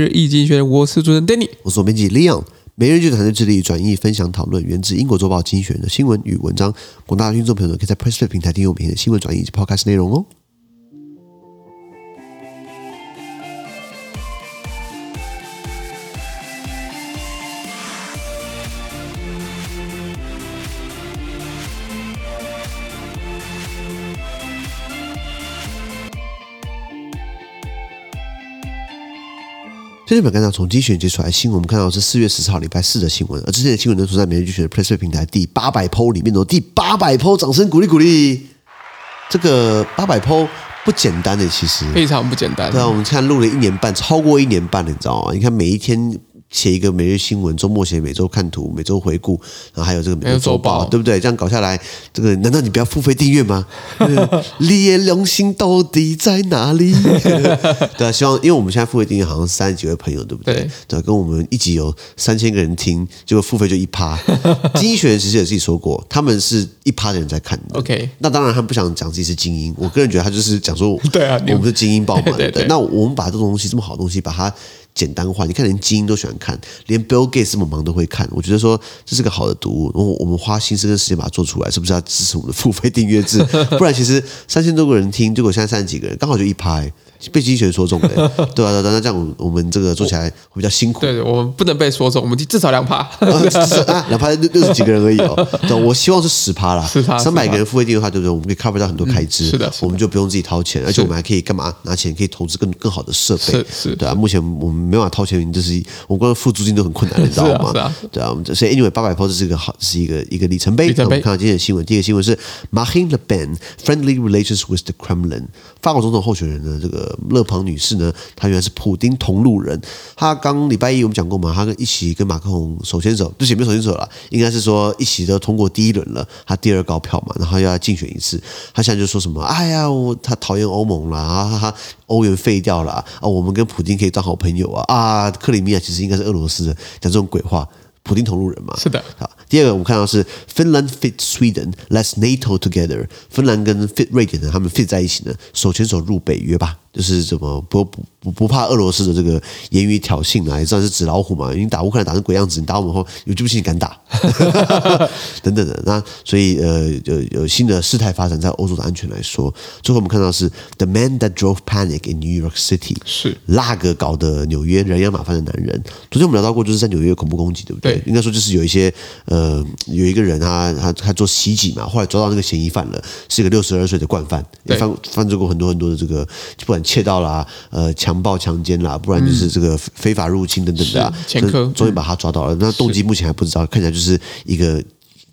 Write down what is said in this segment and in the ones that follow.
是《易經選》，我是主持人 Danny，我是總編輯 Leon。每日就團隊致力轉譯、分享、討論，源自英國週報精選的新聞與文章。廣大聽眾朋友們可以在 PressPlay 平台訂閱我們的新聞轉譯以及 Podcast 內容哦。今天本們要從精選接出來新聞，我們看到，們看到是四月十四號禮拜四的新聞。而之前的新聞呢，是在每日精選的 PressPlay 平台第八百 Po 裡面的第八百 Po。掌聲鼓勵鼓勵！這個八百 Po 不簡單的，欸，其實非常不簡單。對啊，我們現在錄了一年半，超過一年半了，你知道嗎？你看每一天。寫一個每日新聞，周末寫每周看圖，每周回顧，然後還有這個每周周報，周報對不對？這樣搞下來，這個難道你不要付費訂閱嗎？ 你的良心到底在哪裡？ 對啊，希望因為我們現在付費訂閱好像三十幾位朋友，對不對？對、對，啊，跟我們一集有三千個人聽，結果付費就一趴。精英學人其實也自己說過，他們是一趴的人在看的。OK，那當然他們不想講自己是精英，我個人覺得他就是講說，對啊，我們是精英爆滿。 對、啊，對、對，對對對，那我們把這種東西這麼好的東西把它。簡單化，你看連精英都喜歡看，連 Bill Gates 這麼忙都會看，我覺得說這是個好的讀物。我我們花心思跟時間把它做出來，是不是要支持我們的付費訂閱制？不然其實三千多個人聽，結果現在三十幾個人，剛好就一趴被精選說中了。對啊，啊、對啊，那這樣我們這個做起來會比較辛苦。對，我們不能被說中，我們至少兩趴、啊。啊，兩趴六六十幾個人而已哦。啊、我希望是十趴啦，是三他百個人付費訂閱的話，對不對？我們可以 cover 到很多開支。嗯、我們就不用自己掏錢，而且我們還可以幹嘛？是拿錢可以投資更更好的設備。是，是對啊，目前我們。沒法掏錢，就是我們光是付租金都很困難的，你知道嗎？是啊，對啊，所以 Anyway，八百票這是一個好，是一個一個里程碑。里程碑，我們看到今天的新聞，第一個新聞是 Marine Le Pen friendly relations with the Kremlin。法國總統候選人呢，這個勒龐女士呢，她原來是普丁同路人，她剛禮拜一我們講過嘛，她一起跟馬克龍手牽手，就前、是、沒首手牽手了，應該是說一起都通過第一輪了，她第二高票嘛，然後要競選一次，她現在就說什麼？哎呀，我她討厭歐盟啦哈哈歐元廢掉了啊！我們跟普丁可以當好朋友啊！啊，克里米亞其實應該是俄羅斯的，講這種鬼話，普丁同路人嘛？是的，啊。第二個，我們看到是芬蘭 fit Sweden let's NATO together。芬蘭跟 fit 瑞典呢？他們 fit 在一起呢，手牽手入北約吧，就是怎麼不不不怕俄羅斯的這個言語挑釁啊，也算是紙老虎嘛。你打烏克蘭打成鬼樣子，你打我們後，你就不信你敢打， 等等的。那所以呃有有新的事態發展在歐洲的安全來說。最後我們看到是 the man that drove panic in New York City，是辣個搞得紐約人仰馬翻的男人。昨天我們聊到過，就是在紐約恐怖攻擊，對不對？對應該說就是有一些呃。呃，有一個人啊，他他他做襲擊嘛，後來抓到那個嫌疑犯了，是一個六十二歲的慣犯，對也犯犯罪過很多很多的這個，不管竊盜啦，呃，強暴、強姦啦，不然就是這個非法入侵等等的，嗯，前科，終於把他抓到了。那動機目前還不知道，是看起來就是一個。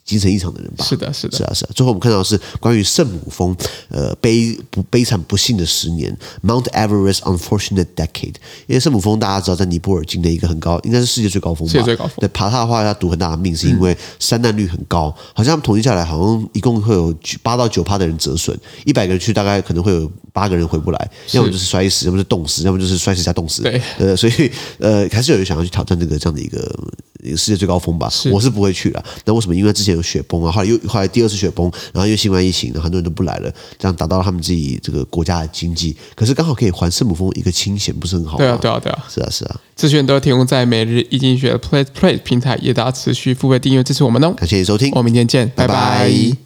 精神異常的人吧，是的，是的，是啊，是啊。最後我們看到是關於聖母峰，呃，悲不悲慘不幸的十年，Mount Everest unfortunate decade。因為聖母峰大家知道在尼泊爾境內一個很高，應該是世界最高峰吧？世界最高峰。對，爬它的話要賭很大的命，是因為山難率很高，嗯。好像他們統計下來好像一共會有八到九趴的人折損，一百個人去大概可能會有。八個人回不來，要麼就是摔死，是要麼是凍死，要麼就是摔死加凍死。對、呃，所以呃，還是有人想要去挑戰這個這樣的一個，一個世界最高峰吧？是我是不會去了。那為什麼？因為之前有雪崩啊，後來又後來第二次雪崩，然後又新冠疫情，然後很多人都不來了，這樣達到了他們自己這個國家的經濟。可是剛好可以還聖母峰一個清閒，不是很好嗎？對啊，對啊，對啊，是啊，是啊。資訊都提供在每日一經濟學的 PressPlay 平台，也大家持續付費訂閱支持我們哦。感謝收聽，我們明天見，拜拜。拜拜。